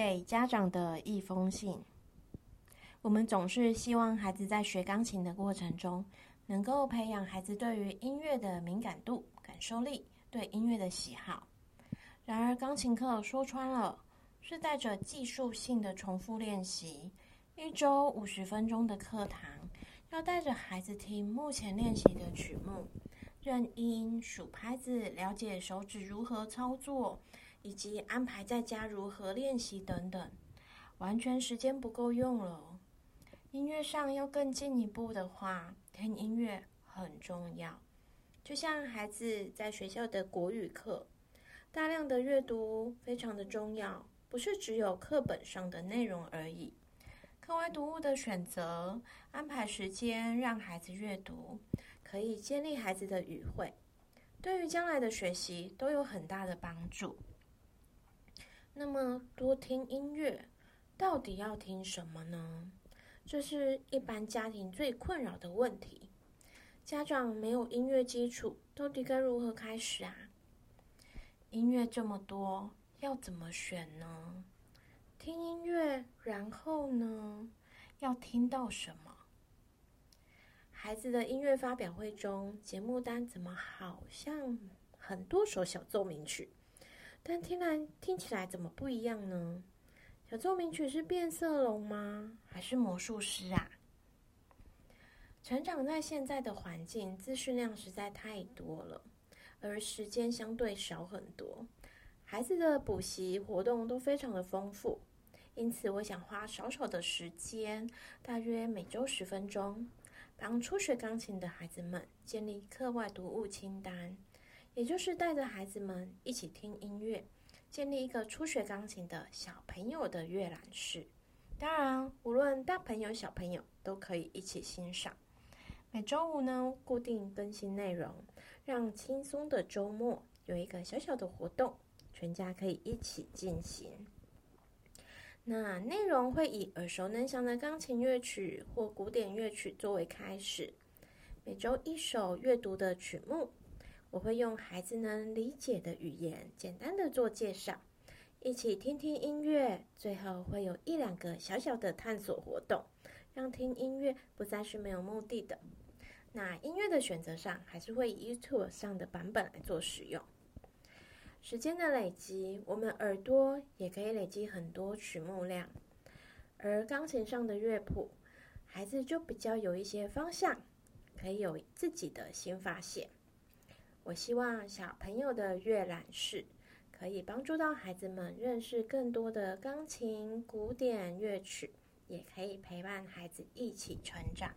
給家長的一封信。我們總是希望孩子在學鋼琴的過程中，能夠培養孩子對於音樂的敏感度、感受力、對音樂的喜好。然而，鋼琴課說穿了是帶着技術性的重複練習。一周五十分鐘的課堂，要帶着孩子聽目前練習的曲目，認音、數拍子，了解手指如何操作。以及安排在家如何練習等等，完全時間不夠用了。音樂上要更進一步的話，聽音樂很重要。就像孩子在學校的國語課，大量的閱讀非常的重要，不是只有課本上的內容而已。課外讀物的選擇，安排時間讓孩子閱讀，可以建立孩子的語彙，對於將來的學習都有很大的幫助。那麼多聽音樂，到底要聽什麼呢？這是一般家庭最困擾的問題。家長沒有音樂基礎，到底該如何開始啊？音樂這麼多，要怎麼選呢？聽音樂，然後呢，要聽到什麼？孩子的音樂發表會中，節目單怎麼好像很多首小奏鳴曲？但聽來聽起來怎麼不一樣呢？小奏鳴曲是變色龍嗎？還是魔術師啊？成長在現在的環境，資訊量實在太多了，而時間相對少很多。孩子的補習活動都非常的豐富，因此我想花少少的時間，大約每周十分鐘，幫初學鋼琴的孩子們建立課外讀物清單。也就是帶着孩子們一起聽音樂，建立一個初學鋼琴的小朋友的樂覽室。當然，無論大朋友小朋友都可以一起欣賞。每周五呢，固定更新內容，讓輕鬆的周末有一個小小的活動，全家可以一起進行。那內容會以耳熟能詳的鋼琴樂曲或古典樂曲作為開始，每周一首閱讀的曲目。我會用孩子能理解的語言，簡單的做介紹，一起聽聽音樂，最後會有一兩個小小的探索活動，讓聽音樂不再是沒有目的的。那音樂的選擇上，還是會以 YouTube 上的版本來做使用。時間的累積，我們耳朵也可以累積很多曲目量，而鋼琴上的樂譜，孩子就比較有一些方向，可以有自己的新發現。我希望小朋友的樂覽室可以幫助到孩子們認識更多的鋼琴古典樂曲，也可以陪伴孩子一起成長。